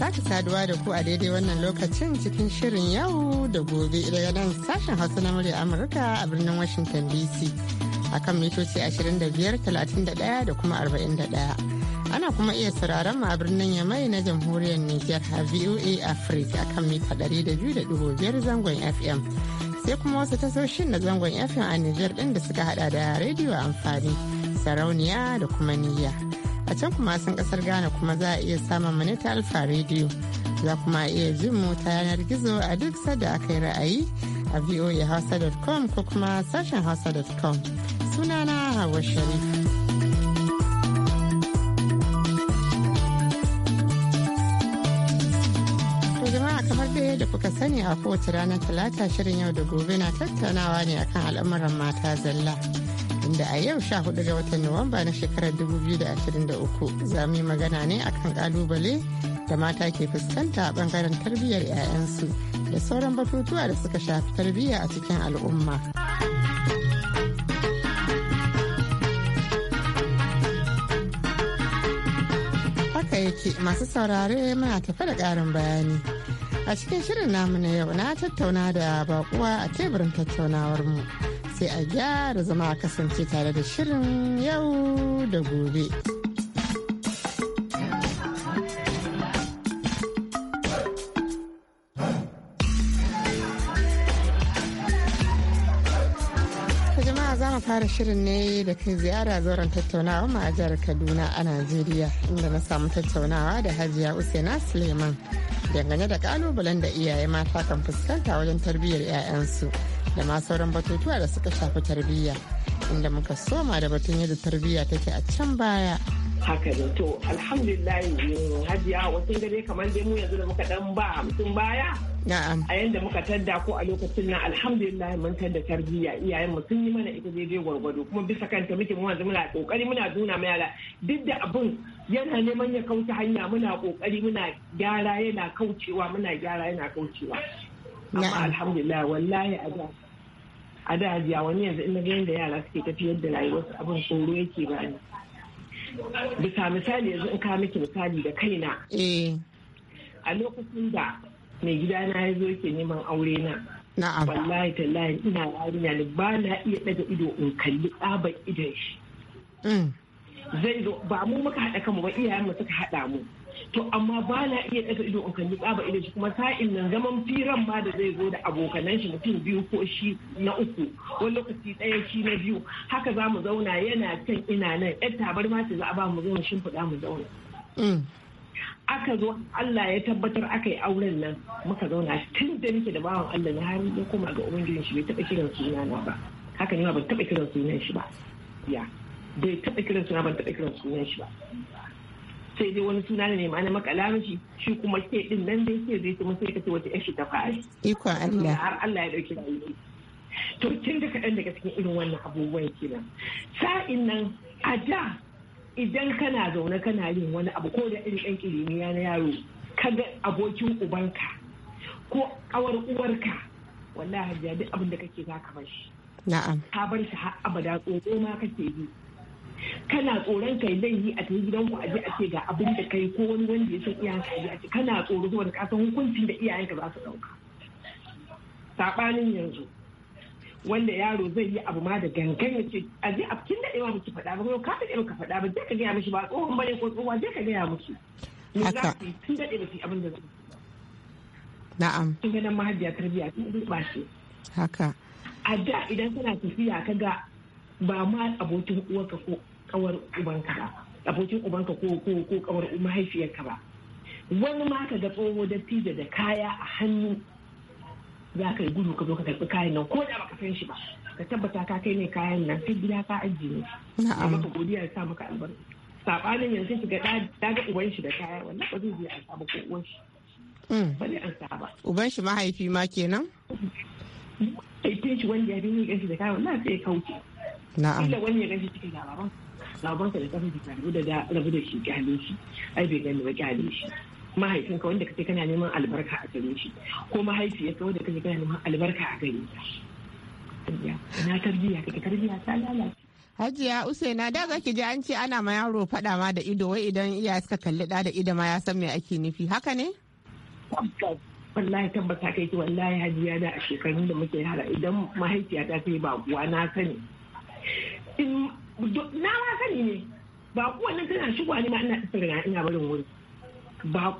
sake saduwa da ku a daidai wannan lokacin cikin shirin yau da gobe daga nan sashen hausa na murya Amurka a birnin Washington DC akan mitoci 25, 31 da kuma 41. ana kuma iya sauraron mu a birnin yamai na jamhuriyar niger a VOA Africa a kan mita 200.5 zangon FM. Sai kuma wasu tasoshin na zangon FM a niger ɗin da suka hada da rediyo amfani, sarauniya da kuma niyya. a can kuma sun kasar ghana kuma za a iya samun mu alfa radio za kuma iya jin mota yanar gizo a duk sada aka yi ra'ayi a voahausa.com ko kuma sashen hausa.com sunana hawa sharif da kuka sani a kowace ranar talata shirin yau da gobe na tattaunawa ne akan al'amuran mata zalla. da a yau sha hudu ga watan Nuwamba na shekarar 2023 za mu yi magana ne akan kalubale da mata ke fuskanta a bangaren tarbiyyar 'ya'yansu da sauran batutuwa da suka shafi tarbiyya a cikin al'umma. Haka yake masu saurare muna tafe da ƙarin bayani. a cikin shirin namu na yau na tattauna da bakuwa a teburin tattaunawar mu sai a gyara zama a kasance tare da shirin yau da gobe. fara shirin ne da kai ziyara zauren tattaunawa ma a jihar kaduna a najeriya inda na samu tattaunawa da hajiya usaina suleiman dangane da kalubalen da iyaye mata kan fuskanta wajen tarbiyyar 'ya'yansu da ma sauran batutuwa da suka shafi tarbiyya inda muka soma da batun yadda tarbiyya take a can baya haka ne to alhamdulillah hajiya wasu gare kamar dai mu yanzu da muka dan ba hamsin baya a yanda muka tadda ko a lokacin nan alhamdulillah mun tadda tarbiyya iyayen mu sun yi mana ita dai gwargwado kuma bisa kanta muke mu yanzu muna kokari muna duna mu yara duk da abun yana neman ya kauce hanya muna kokari muna gyara yana kaucewa muna gyara yana kaucewa amma alhamdulillah wallahi a da a da hajiya wani yanzu ina ga yanda yara suke tafiyar da rayuwarsu abin tsoro yake bani bisa misali yanzu in ka miki misali da kaina eh. a lokacin da mai gidana ya zo yake neman aure na wallahi tallahi ina yarinya ne ba na iya daga ido in kalli tsaban idon shi mm. zai zo ba mu muka haɗa kanmu ba iyayen mu suka haɗa mu to amma ba na iya daga ido in kalli tsaba ido shi kuma sa'in nan zaman firan ma da zai zo da abokanan shi mutum biyu ko shi na uku wani lokaci ɗaya shi na biyu haka za mu zauna yana kan ina nan yar tabar ma ta za'a ba mu zauna shimfiɗa mu zauna mm. aka zo Allah ya tabbatar aka yi auren nan muka zauna tun da nake da bawan Allah na har ya koma ga ubangijin shi bai taɓa kiran sunana ba haka ne ma ban taɓa kiran sunan shi ba ya bai taɓa kiran suna ban taɓa kiran sunan shi ba sai dai wani suna ne nema na makala shi kuma ke din nan dai ke zai kuma sai ka ce wata yashi ta fashi ikon Allah har Allah ya dauki rayuwa to kin da kaɗan daga cikin irin wannan abubuwan kenan sa'in nan a da idan kana zaune kana yin wani abu ko da irin ɗan ƙirimiya na yaro kaga abokin ubanka ko awar uwarka wallahi duk abin da kake za ka bar shi na'am ka bar shi har abada tsoro ma kake yi kana tsoron kai laifi a tafi gidanku a je a ce ga abin da kai ko wani wanda ya san iyayenka a ce kana tsoro zuwa da kasan hukuncin da iyayenka za su dauka sabanin yanzu wanda yaro zai yi abu ma da gangan ya ce a je a kin dadewa miki faɗa ba ko ka dade ka faɗa ba je ka gaya mishi ba tsohon bane ko tsohuwa je ka gaya miki me za ki kin dade ba ki abin da zai na'am kin ga nan mahajjiya tarbiyya kin ba shi haka a da idan kana tafiya ka ga ba ma abokin uwarka ko kawar ubanka ba abokin ubanka ko ko ko kawar mahaifiyarka ba wani ma ka ga tsoho fija da kaya a hannu za ka yi gudu ka zo ka karbi kayan nan ko da baka san shi ba ka tabbata ka kai ne kayan nan sai gida ka ajiye na'am maka godiya ya sa maka albarka sabanin yanzu ki ga da ga uban shi da kaya wannan ba zai je a saba ko uwan shi mm. ba ne an saba uban shi mahaifi ma kenan ai shi wanda ya bi ni gashi da kaya wannan sai ya kauce na'am kila wani ya gashi cikin labaran babanka da kafin ka rabu da rabu da shi gane shi ai bai gani ba gane shi mahaifinka wanda kace kana neman albarka a gare shi ko mahaifiyarka wanda kace kana neman albarka a gare shi na tarbiya kake tarbiya ta lalace Hajiya Usaina da za ki ji an ce ana ma yaro fada ma da ido wai idan iyaye suka kalli da da ido ma ya san me ake nufi haka ne? Wallahi tabbata kai ki wallahi Hajiya da a shekarun da muke yara idan mahaifiya ta sai ba na sani. na ma sani ne ba wannan tana shigowa ne ma ina da ina barin wuri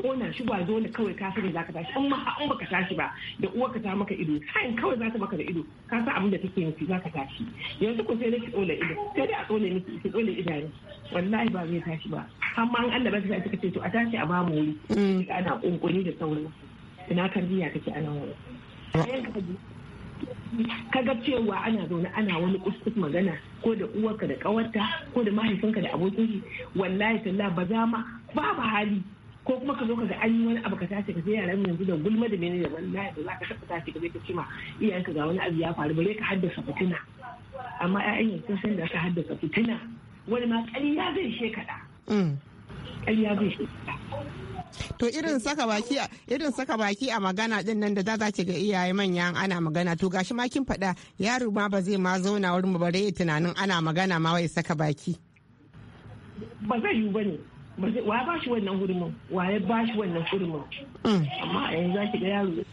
ko na shigowa dole kawai ka sani zaka tashi amma ma an baka tashi ba da uwarka ta maka ido kayan kawai za ta maka da ido ka san abin da take nufi zaka tashi yanzu ko sai nake tsola ido sai dai a tsole miki ki tsole idanu wallahi ba zai tashi ba amma an Allah ba ta ce to a tashi a bamu wuri mm. ana kunkuni da sauri ina tarbiya kake a nan wuri kaga cewa ana zaune ana wani kuskus magana ko da uwarka da kawarta ko da mahaifinka da abokin shi wallahi talla ba za ma babu hali ko kuma ka zo ka ga an yi wani abu ka tashi ka sai yaran yanzu da gulma da menene wallahi ba za ka taɓa tashi ka zai ka cima iyayenka ga wani abu ya faru bare ka haddasa fitina amma 'ya'yan yanzu sun da ka haddasa fitina wani ma ƙarya zai shekada mm. ƙarya zai shekada To irin saka baki irin saka baki a magana din nan da za ce ga iyaye manyan ana magana to gashi ma kin faɗa yaro ma ba zai ma zauna wurin bare ya tunanin ana magana ma wai saka baki. Ba zai yi bane. Wa ba shi wannan hurumin? Wa ya ba shi wannan hurumin? Mm. Amma a yanzu za ki ga yaro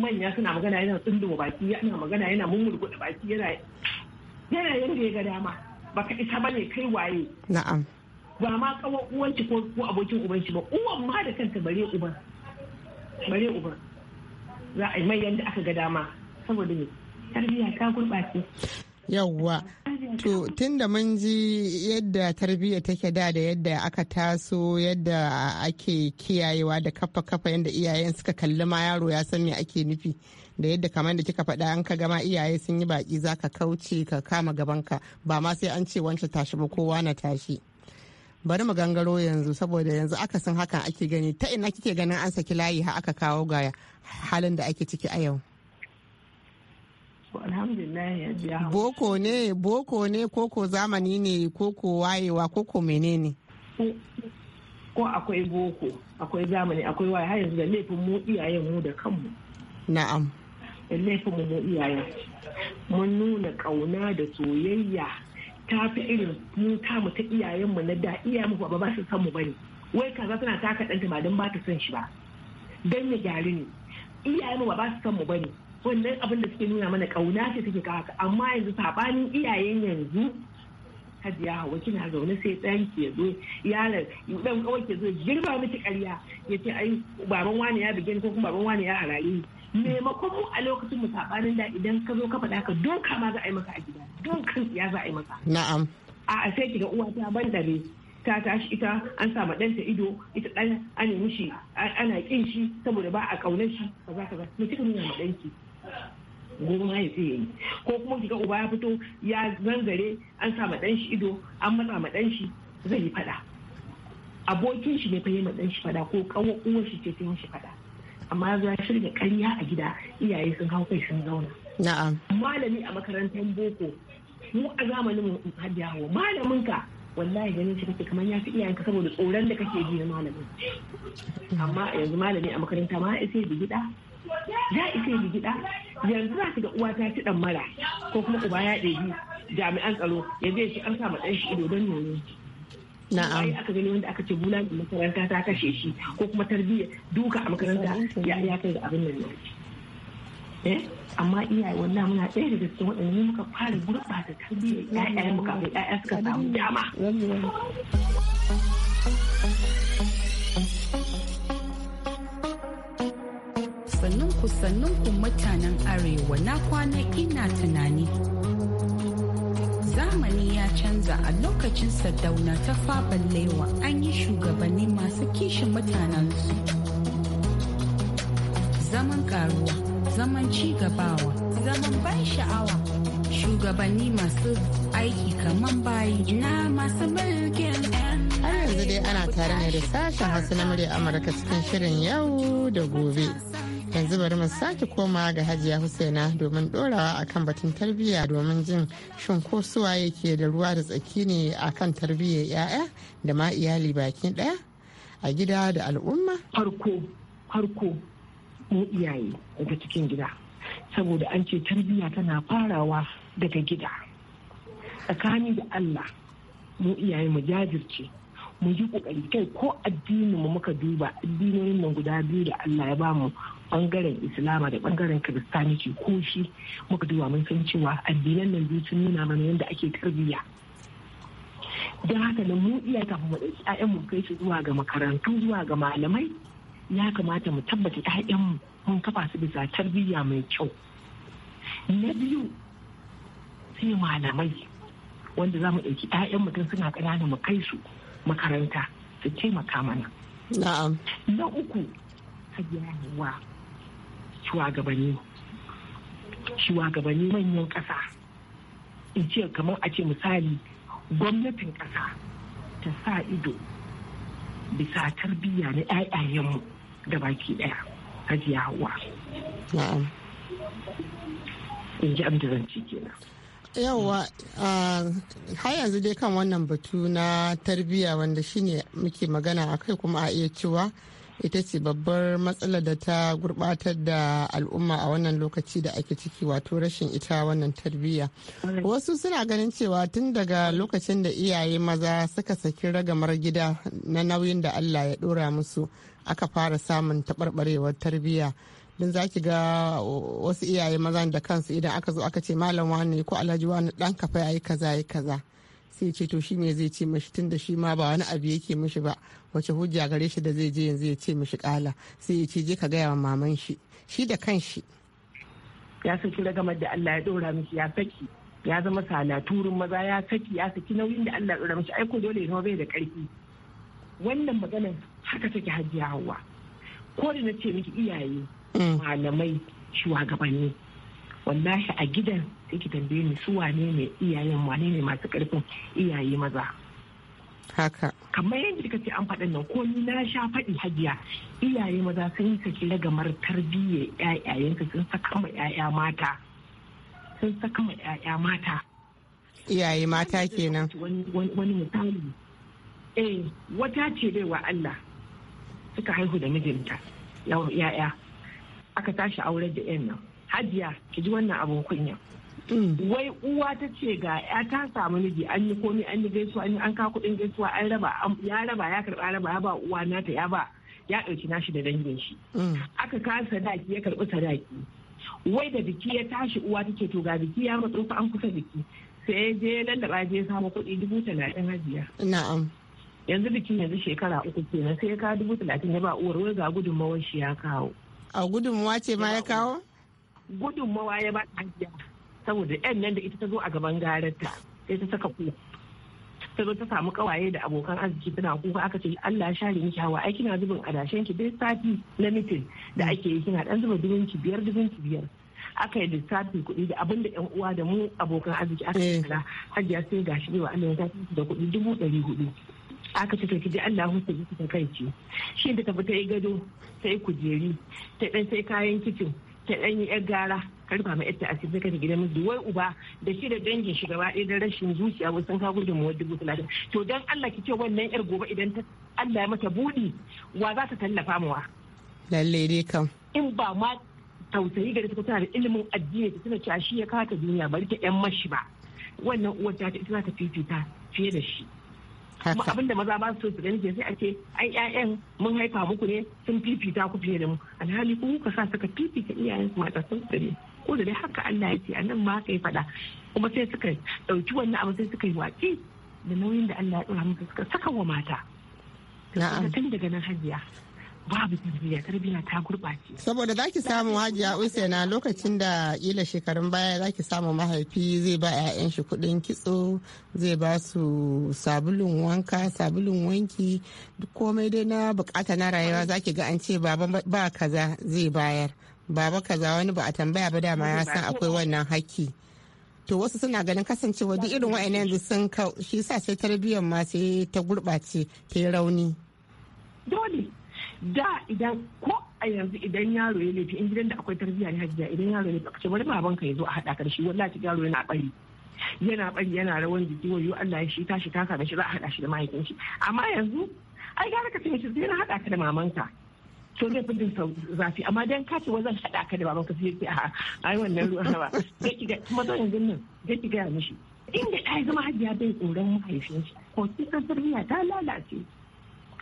manya suna magana yana tsunduma baki yana magana yana mummurguɗa baki yana yana yanda ya ga dama. Baka isa bane kai waye. Na'am. ba ma kawo uwanci ko abokin ubanci ba uwan ma da kanta bare uban bare uban za a yi mai yadda aka ga dama saboda ne tarbiyya ta gurɓace yawwa to tunda mun ji yadda tarbiyya take da da yadda aka taso yadda ake kiyayewa da kafa kafa yadda iyayen suka kalli ma yaro ya san me ake nufi da yadda kamar da kika faɗa an ka gama iyaye sun yi baki zaka kauce ka kama gabanka ba ma sai an ce wancan tashi ba kowa na tashi bari mu gangaro yanzu saboda yanzu aka san hakan ake gani ta ina kike ganin an saki layi ha aka kawo ga halin da ake ciki a yau boko ne boko ne koko zamani ne koko wayewa koko menene ko akwai boko akwai zamani akwai waye har yanzu da laifin mu iyayen mu da kanmu na'am da laifin mu mu iyayen mun nuna kauna da soyayya ta fi irin mu ta mu ta iyayenmu na da iyayenmu ba ba su san mu bane wai kaza tana taka ɗanta ba don ba ta son shi ba dan ya gyaru ne iyayenmu ba ba su san mu bane wannan abin da suke nuna mana kauna ce take kawo amma yanzu sabanin iyayen yanzu hajiya hawa kina zaune sai ɗan ke zo yaron ɗan kawai ke zo girba miki ƙarya ya ce ai baban wani ya bigin ko kuma baban wani ya harare maimakon mu a lokacin mu sabanin da idan ka zo ka faɗa ka doka ma za a yi maka aji kan ya za a yi masa na'am a sai kiga uwa ta ban dare ta tashi ita an sa ma ɗanta ido ita ɗan an yi mishi ana kin shi saboda ba a ƙaunar shi ba za ka ba mu kika nuna ma ɗanki ya ma ya yi ko kuma kiga uba ya fito ya zangare an sa ma ɗan ido an matsa ma ɗanshi shi zai yi faɗa abokin shi ne fa yi ma ɗan faɗa ko ƙawar uwar shi ce ta yi shi faɗa amma za shirya ƙarya a gida iyaye sun hau kai sun zauna. Na'am. Malami a makarantar boko mu a zamanin hadiya hau malamin ka wallahi ganin shi kake kamar ya fi iyayenka saboda tsoron da kake ji na malamin amma yanzu malami a makaranta ma ya sai gida ya isa yi yanzu za ki ga uwa ta ci dan mara ko kuma uba ya ɗebi jami'an tsaro ya zai ci an sa ma ɗan shi ido don nono na'am aka gani wanda aka ce bula makaranta ta kashe shi ko kuma tarbiyya duka a makaranta ya kai ga abin nan eh amma iyaye wannan muna ɗaya daga cikin waɗanda muka fara gurɓata tarbiyyar ƴaƴan mu kafin ƴaƴa suka samu dama sannan ku sannan ku mutanen arewa na kwana ina tunani zamani ya canza a lokacin sadauna ta faballewa an yi shugabanni masu kishin mutanensu zaman karuwa zaman ci gabawa zaman ban sha'awa shugabanni masu aiki kamar bayi ina masu mulkin har yanzu dai ana tare ne da sashen hausa na murya amurka cikin shirin yau da gobe yanzu bari mu sake koma ga hajiya husaina domin dorawa akan batun tarbiyya domin jin shin ko suwa yake da ruwa da tsaki ne akan tarbiyyar yaya da ma iyali baki daya a gida da al'umma farko farko mu iyaye daga cikin gida saboda an ce tarbiyya tana farawa daga gida tsakani da allah mu iyaye mu jajirce mu yi kokari kai ko addini mu muka duba addinin nan guda biyu da Allah ya bamu bangaren Islama da bangaren Kiristaniki ko shi muka duba mun san cewa addinan nan biyu sun nuna mana yadda ake tarbiyya don haka nan mu iya kafin mu ɗauki 'ya'yan mu kai su zuwa ga makarantu zuwa ga malamai ya kamata mu tabbata ‘ya'yanmu mun kafa su bisa tarbiyya mai kyau na biyu sai malamai wanda za mu ɗauki ‘ya'yan mutum suna ƙanana mu kai su makaranta su taimaka mana na uku hajiyawa shugabanni shugabanni manyan ƙasa in ce kamar a ce misali gwamnatin ƙasa ta sa ido bisa tarbiyya na mu. da baki daya hajiya hawa in ji abin da zan ci kenan yawwa har yanzu dai kan wannan batu na tarbiyya wanda shine muke magana a kai kuma a iya cewa ita ce babbar matsalar da ta gurbatar da al'umma a wannan lokaci da ake ciki wato rashin ita wannan tarbiyya wasu suna ganin cewa tun daga lokacin da iyaye maza suka saki ragamar gida na nauyin da allah ya dora musu aka fara samun taɓarɓarewar tarbiyya don za ki ga wasu iyaye mazan da kansu idan aka zo aka ce malam wani ko alhaji wani dan kafa ya yi kaza ya kaza sai ce to shi me zai ce mashi tun da shi ma ba wani abu yake mishi ba wace hujja gare shi da zai je yanzu ya ce mishi kala sai ya ce je ka gaya wa maman shi shi da kanshi ya saki ragamar da Allah ya dora miki ya saki ya zama salaturin maza ya saki ya saki nauyin da Allah ya dora miki aiko dole ya zama bai da karfi wannan maganar haka take hajiya ko da na ce miki iyaye mm. malamai shugabanni wallahi a gidan sai ki tambaye ni su wane ne iyayen wane ne masu karfin iyaye maza haka kamar yadda kika ce an faɗin nan ko ni na sha faɗi hajiya iyaye maza sun yi saki ragamar tarbiyyar ƴaƴayensu sun saka ma ƴaƴa mata sun saka ma ƴaƴa mata iyaye mata kenan wani misali eh wata ce dai wa Allah suka haihu da mijinta ya'ya aka tashi aure da yan nan hajiya ki ji wannan abun kunya mm. wai uwa ta ce ga ya ta samu miji an yi komi an yi gaisuwa an yi ka kuɗin gaisuwa an raba ya raba ya karɓa raba ya ba uwa nata ya ba ya ɗauki nashi da dangin shi mm. aka kasa sadaki ya karɓi sadaki wai da biki ya tashi uwa ta ce to ga biki ya matso fa an kusa biki sai ya je ya lallaba je samu kuɗi dubu talatin hajiya na'am yanzu bikin yanzu shekara uku kenan sai ya kawo dubu talatin ya ba uwar wai ga gudunmawar shi ya kawo a gudunmawa ce ma ya kawo gudunmawa ya ba ajiya saboda yan nan da ita ta zo a gaban gararta sai ta saka ku ta zo ta samu kawaye da abokan arziki tana kuka aka ce Allah ya share miki hawa ai kina zubin adashen ki dai sati na mitin da ake yi kina dan zuba dubin ki biyar dubin ki biyar aka yi lissafin kuɗi da abin da yan uwa da mu abokan arziki aka yi eh. kala hajiya sai gashi ne wa Allah ya da kuɗi dubu ɗari hudu aka ce ki kiji Allah hu sai ta kai ce shi da tafi ta gado sai yi kujeri ta dan sai kayan kicin ta dan yi yar gara ba mai ta a cikin gidan mu wai uba da shi da dangin shi gaba ɗaya da rashin zuciya wai sun kawo gudun mawar dubu talatin to don Allah ki ce wannan yar gobe idan ta Allah ya mata buɗi wa za ta tallafa wa Lalle dai kam. In ba ma tausayi gari ta tana da ilimin addini ta tana cashi ya kawo ta duniya bari ta yan mashi ba wannan uwar ta ita za ta fifita fiye da shi. kuma abin da maza ba su su gani sai a ce ai ƴaƴan mun haifa muku ne sun fifita ku fiye da mu alhali ku kuka sa suka fifita iyayen su mata sun tsare ko da dai haka Allah ya ce anan ma ka yi faɗa kuma sai suka ɗauki wannan abu sai suka yi watsi da nauyin da Allah ya ɗora musu suka saka wa mata. Na'am. Tun daga nan hajiya. babu tarbiyya tarbiyya ta gurɓace. saboda zaki samu hajiya usaina lokacin da kila shekarun baya zaki samu mahaifi zai ba 'ya'yan shi kuɗin kitso zai ba su sabulun wanka sabulun wanki komai dai na bukata na rayuwa zaki ga an ce baba ba kaza zai bayar baba kaza wani ba a tambaya ba dama ya san akwai wannan haƙƙi. to wasu suna ganin kasancewa duk irin wa'ina yanzu sun kau shi sa sai tarbiyyar ma sai ta gurɓace ta yi rauni. dole da idan ko a yanzu idan yaro ya laifi in gidan da akwai tarbiyya ne hajiya idan yaro ya laifi ce bari baban ka ya zo a haɗa ka da shi wallahi yaro yana bari yana bari yana rawan jiki wayo Allah ya shi tashi taka da shi za a haɗa shi da mahaifin shi amma yanzu ai gara ka tafi sai na haɗa ka da mamanka to zai fi zafi amma dan ka ce zan haɗa ka da babanka sai ce a ai wannan ruwan ba sai ki ga kuma zo yanzu nan sai ki ga mishi inda ta zama hajiya bai tsoron mahaifin shi ko kin tarbiyya ta lalace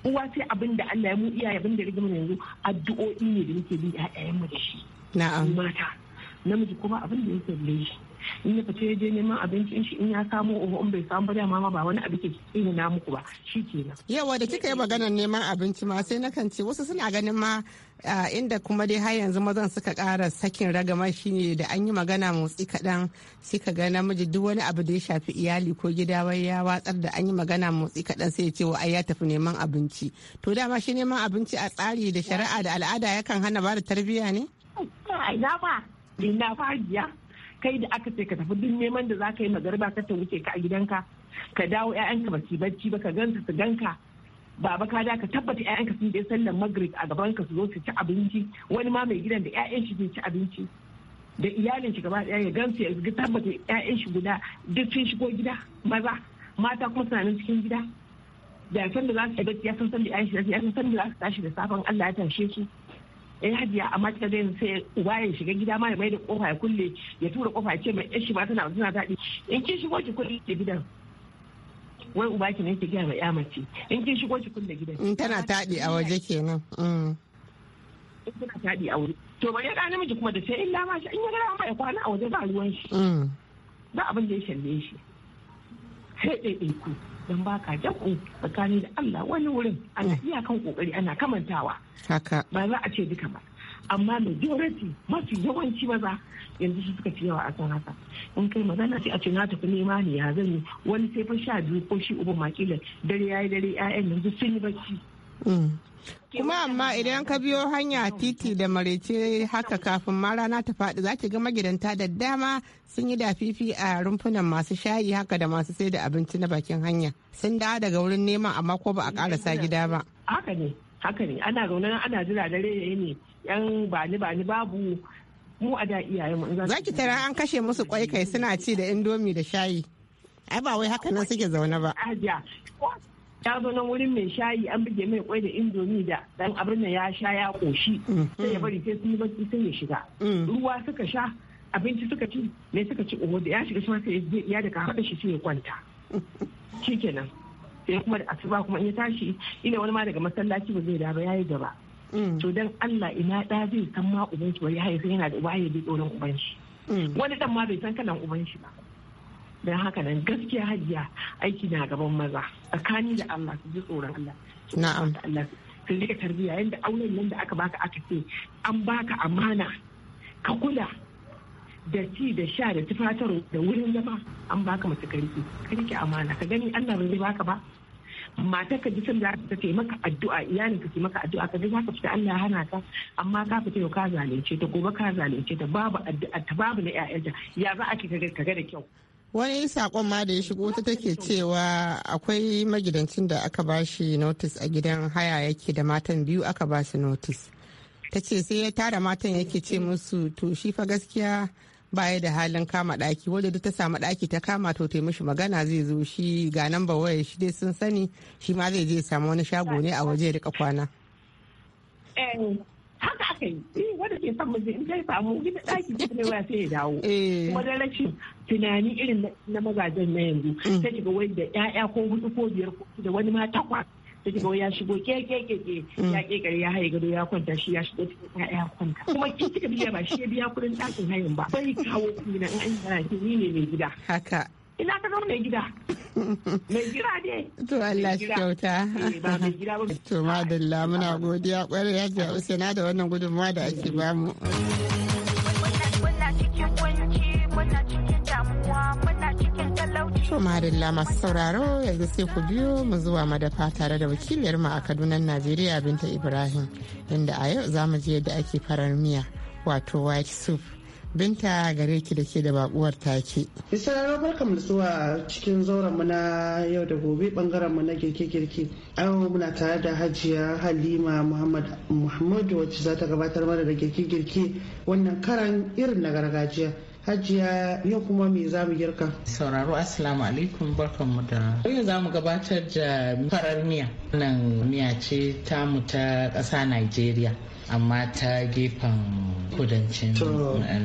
uwa sai abin da Allah ya mu iyaye abin da rigima yanzu addu'o'i ne da muke bi ƴaƴayen mu da shi na'am mata namiji kuma abin da yake da shi in ya fice ya je neman abincin shi in ya samu uba in bai samu ba dama ba wani abu ke cikin na muku ba shi kenan yawa da kika yi maganar neman abinci ma sai nakan ce wasu suna ganin ma inda kuma dai har yanzu mazan suka kara sakin ragama shi ne da an yi magana motsi kaɗan sai ka ga namiji duk wani abu da ya shafi iyali ko gida wai ya watsar da an yi magana motsi kaɗan sai ya ce wa ai ya tafi neman abinci to dama shi neman abinci a tsari da shari'a da al'ada yakan hana ba da tarbiyya ne? Ina ba, ina ba kai da aka ce ka tafi duk neman da za ka yi magariba ka ta wuce ka a gidanka ka dawo 'ya'yanka ba su bacci ba ka ganta su ganka baba ka da ka tabbata 'ya'yanka sun je sallar magrib a gaban ka su zo su ci abinci wani ma mai gidan da 'ya'yan shi ci abinci da iyalin shi gaba daya ya gamsu ya tabbata 'ya'yan shi guda duk sun shigo gida maza mata kuma suna nan cikin gida da san da za su yi bacci ya san san da 'ya'yan shi ya san san da za su tashi da safan Allah ya tashe su eh hajiya a kika zai sai uba ya shiga gida ma ya mai da kofa ya kulle ya tura kofa ya ce mai yan shi ba tana tana daɗi in kin shigo ki kulle gidan wai uba ki ne ki ga mai ya mace in kin shigo ki kulle gidan in tana taɗi a waje kenan mm. in tana taɗi a waje to bai ya namiji kuma da sai illa ma shi in ya gara ma ya kwana a waje ba ruwan shi mm. ba abin da ya shalle shi sai ɗaiɗaiku don ba ka tsakani da Allah wani wurin ana mm. kan kokari ana kamantawa ba za a ce duka ba amma majority mafi yawanci maza yanzu su suka fi yawa a san haka in kai magana ce a ce na tafi nema ne ya zan wani sai fa sha biyu ko shi uba makila dare ya yi dare ƴaƴan yanzu sun yi bacci mm. kuma amma idan ka biyo hanya titi da marece haka kafin ma rana ta faɗi za ki ga magidanta da dama sun yi dafifi a rumfunan masu shayi haka da masu sai da abinci na bakin hanya sun dawo daga wurin neman amma ko ba a karasa gida ba haka ne haka ne ana ana jira dare yayi ne yan bani bani babu mu a da iyayen mu za ki tara an kashe musu kwai kai suna ci da indomi da shayi ai ba wai haka nan suke zaune ba ya zo nan wurin mai shayi an buge mai kwai da indomi da dan abin da ya sha ya koshi sai ya bari sai sun yi bacci sai ya shiga mm. ruwa suka sha abinci suka ci ne suka ci oho da ya shiga suna sai ya da kafa shi sai ya kwanta kenan sai kuma da asuba kuma in ya tashi ina wani ma daga masallaci ba zai da ba ya yi gaba mm. to dan Allah ina da zai san ma uban wai ya haifa yana da waye da tsoron uban shi mm. wani dan ma bai san kalan uban shi ba don haka nan gaskiya hajiya aiki na gaban maza tsakani da Allah su ji tsoron Allah na'am Allah su rika tarbiyya yanda auren nan da aka baka aka ce an baka amana ka kula da ci da sha da tufatar da wurin zama an baka mace karki ka rike amana ka gani Allah bai baka ba mata ka ji san da ta ce maka addu'a iyalin ka ce maka addu'a ka ji za ka fita Allah hana ka amma ka fita yau ka zalunce ta gobe ka zalunce ta babu addu'a ta babu na ƴaƴanta ya za a ki ka ga da kyau wani sakon ma da ya shigo ta take cewa akwai magidancin da aka ba shi notis a gidan haya yake da matan biyu aka ba su notis ta ce sai ya tara matan yake ce musu to shi fa gaskiya baya da halin kama daki wadda duk ta samu daki ta kama to ta mishi magana zai zo shi ga nan ba waya shi dai sun sani shi ma zai je samu wani shago ne a waje ya rika kwana eh, haka aka yi eh wanda ke son miji in kai samu gida daki ko ne sai ya dawo eh. kuma da rashin tunani irin na mazajen na yanzu mm. sai kiga wai da ƴaƴa ko hudu ko biyar da wani ma takwa sai kiga wai ya shigo ke ke ke ke ya ke kare ya haye gado ya kwanta shi ya shigo cikin ƴaƴa kwanta kuma ki kika biya ba shi ya biya kudin ɗakin hayin ba sai kawo kuɗi na in an yi ni ne mai gida haka ina ka zama mai gida mai gida ne to Allah shi kyauta eh, to madalla muna godiya kwarai ya ji na da wannan gudunmawa da ake bamu To madalla masu sauraro yanzu sai ku biyo mu zuwa madafa tare da wakiliyar mu a Kadunan Najeriya Binta Ibrahim inda a yau za mu je yadda ake farar miya wato white soup. binta gare ki da ke da bakuwar take. Isararwa barkam da zuwa cikin zauren mu na yau da gobe bangaren mu na girke-girke. An muna tare da hajiya Halima Muhammad Muhammadu wacce za ta gabatar mana da girke-girke wannan karan irin na gargajiya. Hajiya yau kuma me za mu girka? Sauraro Assalamu alaikum mu da yau za mu gabatar da farar miya. Nan miya ce tamu ta ƙasa Najeriya. amma ta gefen kudancin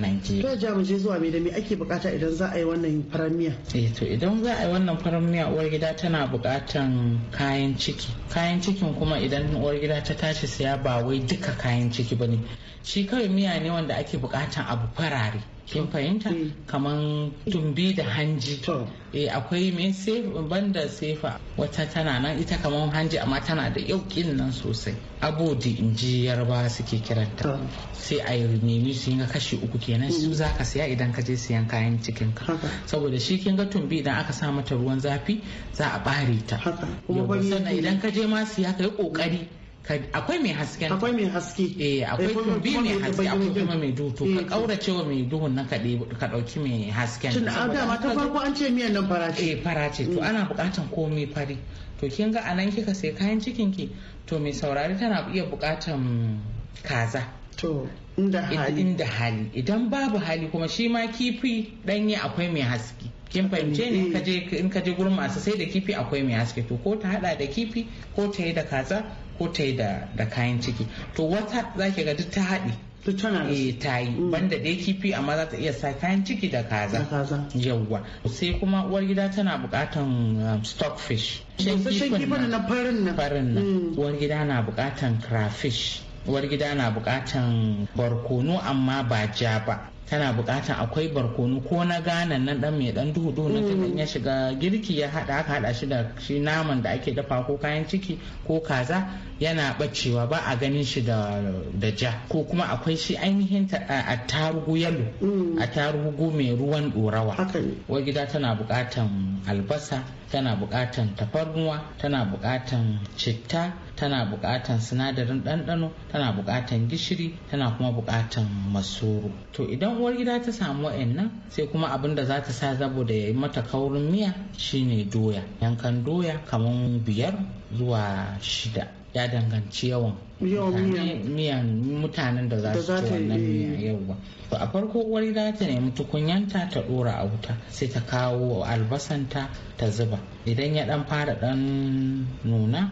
Nigeria. To jamuje zuwa mai da me ake bukata idan za a yi wannan faramiya? Eh to idan za a yi wannan faramiya uwar gida tana bukatan kayan ciki. Kayan cikin kuma idan uwar gida ta tashi siya ba wai duka kayan ciki bane. shi kawai miya ne wanda ake bukatan abu farare kin fahimta mm. kaman tumbi da hanji eh akwai mai sefa banda sefa wata tana nan ita kaman hanji amma tana da yaukin nan sosai abodi in ji yarba suke kiranta sai a nemi su ga kashi uku kenan su mm. za ka siya idan ka je siyan kayan cikin ka saboda shi kin ga tumbi idan aka sa mata ruwan zafi za a bare ta sannan idan ka je ma siya ka yi kokari akwai mai hasken akwai mai haske eh akwai eh, bi mai haske akwai kuma mai duhu eh, ka kaura cewa mai duhun nan ka ka dauki mai hasken ah, tun a dama ta farko an ce miyan nan farace eh farace to ana bukatan komai fari to kin ga anan kika sai kayan cikin ki to mai saurari tana iya bukatan kaza to inda hali inda hali idan babu hali kuma shi ma kifi danye akwai mai haske kin fahimce ne eh. in ka je gurin masu sai da kifi akwai mai haske to ko ta hada da kifi ko ta yi da kaza ko ta yi da kayan ciki to wata za ki ga duk ta haɗi eh, ta yi mm. banda da kifi amma za ta iya sa kayan ciki da kaza yawwa sai kuma uwar gida tana bukatan um, stockfish kifin na farin nan mm. uwar na bukatan crayfish uwar gida na bukatan barkono amma ba ja ba tana bukatan akwai barkono ko na ganan nan dan mai dan duhu duhu nan mm. ya shiga girki ya hada aka hada shi da shi naman da ake dafa ko kayan ciki ko kaza yana bacewa ba a ganin shi da da ja ko kuma akwai shi ainihin ta a tarugu yalo mm. A tarugu mai ruwan dorawa wai gida tana bukatan albasa tana bukatan tafarnuwa tana bukatan citta tana bukatan sinadarin ɗanɗano tana bukatan gishiri tana kuma bukatan masoro to idan uwar gida ta samu wa'annan sai kuma abin da za ta sa zabo da ya yi mata kaurin miya shine doya yankan doya kamar biyar zuwa shida ya danganci yawan miyan mutanen da za su ci wannan miya yau ba to a farko uwar za ta nemi tukunyanta ta dora a wuta sai ta kawo albasanta ta zuba idan ya dan fara dan nuna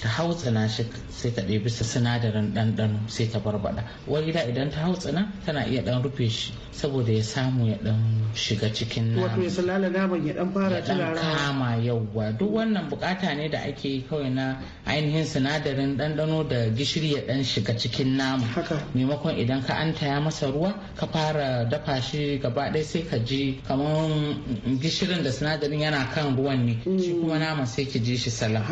ta hautsana shi sai ta ɗebi sa sinadarin ɗanɗano sai ta barbaɗa wani da idan ta hautsana tana iya ɗan rufe shi saboda ya samu ya ɗan shiga cikin nama wato ya salala naman ya ɗan fara ya kama yawwa duk wannan bukata ne da ake kawai na ainihin sinadarin ɗanɗano da gishiri ya ɗan shiga cikin nama maimakon idan ka an taya masa ruwa ka fara dafa shi gaba ɗaya sai ka ji kamar gishirin da sinadarin yana kan ruwan ne shi mm. kuma nama sai ki ji shi salam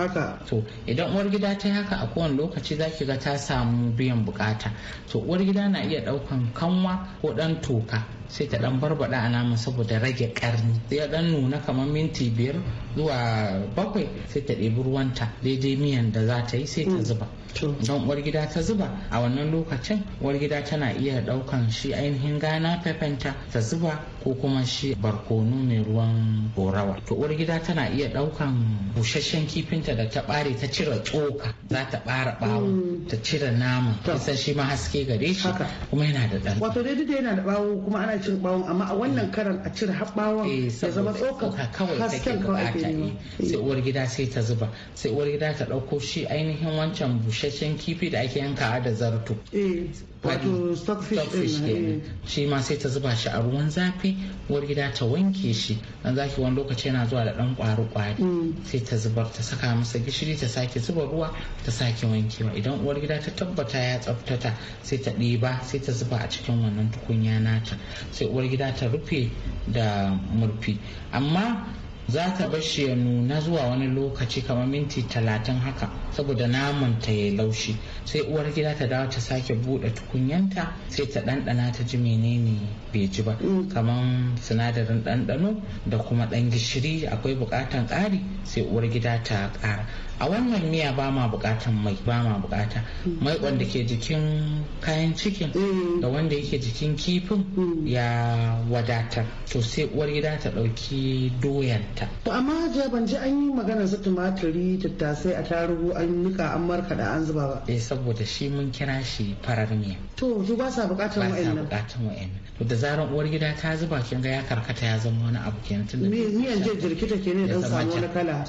to idan uwar gida ta haka a kowane lokaci za ki ga ta samu biyan bukata to uwar gida na iya daukan kanwa ko dan toka sai ta dan barbada a nama saboda rage karni ya dan nuna kamar minti biyar zuwa bakwai sai ta ɗebi ruwanta daidai miyan da za ta yi sai ta mm. zuba don uwar ta zuba a wannan lokacin uwar tana iya daukan shi ainihin gana pepenta ta zuba ko kuma shi barkono mai ruwan gorawa to uwar tana iya daukan busasshen kifinta da ta bare ta cire tsoka za ta bara bawo mm. ta cire nama kusan shi ma haske gare shi kuma yana da dan wato daidai yana da bawo kuma ana ya cire bawon amma a wannan karan a cire haɓawan eh, ya zama tsokar hasken kawai ake nema eh, sai uwar gida sai ta zuba sai uwar gida ta ɗauko shi ainihin wancan busasshen kifi da ake yankawa da zarto eh. wato stockfish eh. shi ma sai ta zuba shi a ruwan zafi uwar gida ta wanke shi dan zaki wani lokaci yana zuwa da dan kwari kwari mm. sai ta zubar ta saka masa gishiri ta sake zuba ruwa ta sake wankewa idan uwar gida ta tabbata ya tsaftata sai ta ɗiba sai ta zuba a cikin wannan tukunya nata sai uwar gida ta rufe da murfi amma za ka bar shi ya nuna zuwa wani lokaci kamar minti talatin haka saboda naman ta ya laushi sai uwar gida ta dawo ta sake bude tukunyanta sai ta dandana ta ji menene bai ji ba mm. kamar sinadarin dandano da kuma dan gishiri akwai bukatan kari sai uwar gida ta kara. a wannan miya ba ma bukatan mai ba ma bukata mm. mai wanda ke jikin kayan cikin mm. da wanda yake jikin kifin mm. ya wadata to sai uwar gida ta dauki doyanta to amma je ban ji an yi magana su tumaturi tattasai a tarugu an nika an da an zuba ba eh saboda shi mun kira shi farar miya to su ba sa bukatan wa'annan ba sa bukatan wa'annan to da zaran uwar gida ta zuba kin ga ya karkata ya zama wani abu kenan tunda miyan je jirkita ne dan samu wani kala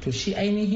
to shi ainihin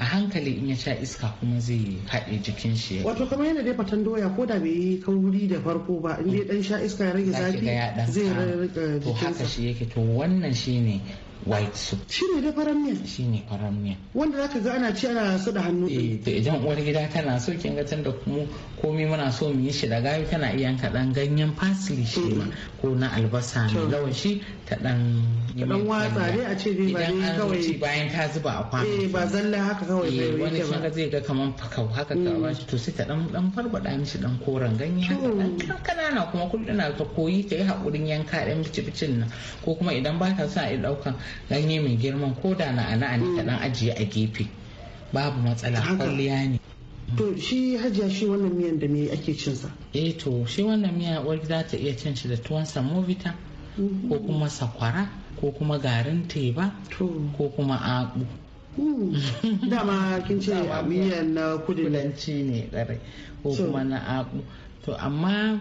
a hankali in ya sha iska kuma zai haɗe jikin shi wato kamar yana dai fatan doya ko da bai yi kauri da farko ba in dai dan sha iska ya rage zafi zai rage to haka shi yake to wannan shine white soup shi ne da farar miya shi ne farar miya wanda zaka ga ana ci ana su da hannu eh to idan uwar gida tana so kin ga tunda kuma komai muna so mu yi shi da gayu tana iya yanka dan ganyen parsley shi ma ko na albasa ne shi ta dan dan watsa dai a ce dai ba dai kawai bayan ta zuba a kwano eh ba zalla haka kawai bai eh, yi wani kin ga zai ga kaman fakau haka ka ba shi mm. to sai ta dan dan farbada mishi dan koren ganye haka dan kanana kuma na ta koyi ta yi hakurin yanka dan bici bicin nan ko kuma idan ba ta sa a daukan ganye mai girman ko da na ana ne kaɗan hmm. ajiye a gefe babu matsala kwalliya ne to shi hajiya shi wannan miyan da me ake cin sa eh to shi wannan miya wani za ta iya cin shi da tuwon samovita hmm. ko kuma sakwara ko kuma garin teba ko kuma agu hmm. dama kin ce miyan na kudulanci ne ko kuma na agu to amma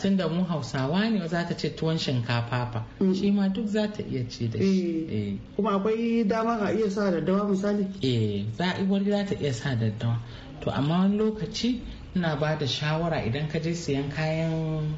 tun da mu hausawa ne za ta ce tuwon shinkafa fa mm. shi ma duk za ta iya ci da shi eh. Eh. kuma akwai dama a iya sa daddawa misali eh za za ta iya sa daddawa to amma wani lokaci ina ba da shawara idan ka je siyan kayan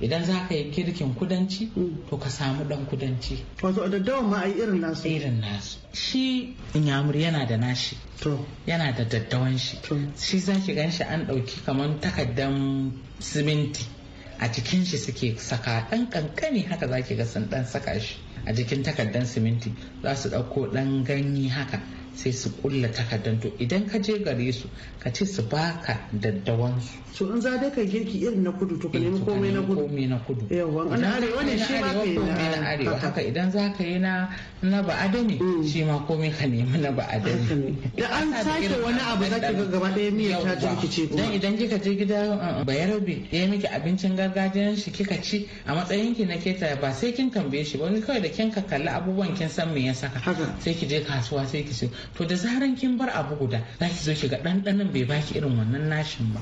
idan za ka yi kirkin kudanci mm. to ka samu dan kudanci wato a daddawa ma a irin nasu irin nasu shi inyamur yana da nashi to yana da daddawan shi shi za ki gan shi an ɗauki kamar takaddan siminti a cikin shi suke saka ɗan kankani haka zaki ga sun dan saka shi a jikin takardar siminti za su ɗauko ɗan ganye haka sai su kulla takardar to idan ka je gare su ka ce su baka daddawan su to in za dai ka girki irin na kudu to ka eh, nemi komai na kudu komai na kudu yawa an arewa ne shi ma kai na arewa haka idan za ka yi na na ba adami mm. shi ma komai ka nemi na ba adami da an sake wani abu za ga gaba daya miyar ta jirkice kuma dan idan kika je gida uh, uh, bayarabe ya miki abincin gargajiyan shi kika ci a matsayin ki na keta ba sai kin tambaye shi ba kawai da kin ka kalli abubuwan kin san me ya saka sai ki je kasuwa sai ki ce to da zaran kin bar abu guda za ki zo ki ga ɗanɗanon bai baki irin wannan nashin ba.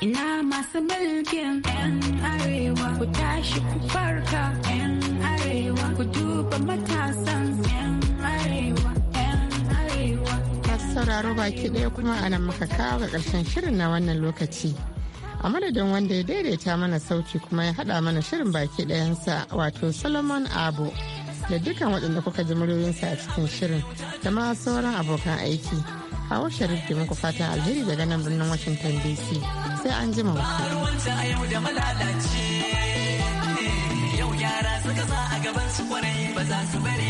Ina masu mulkin 'yan arewa ku tashi ku farka 'yan arewa ku duba matasan 'yan arewa sauraro baki ɗaya kuma a nan muka kawo ga ƙarshen shirin na wannan lokaci. A madadin wanda ya daidaita mana sauti kuma ya haɗa mana shirin baki ɗayansa wato Solomon Abu. da dukkan waɗanda kuka ji muryoyinsa a cikin shirin da ma sauran abokan aiki. a Sharif ke muku fatan alheri daga nan birnin Washington DC sai an jima wasu. Eh, yau yara suka sa a gaban su kwarai ba za su bari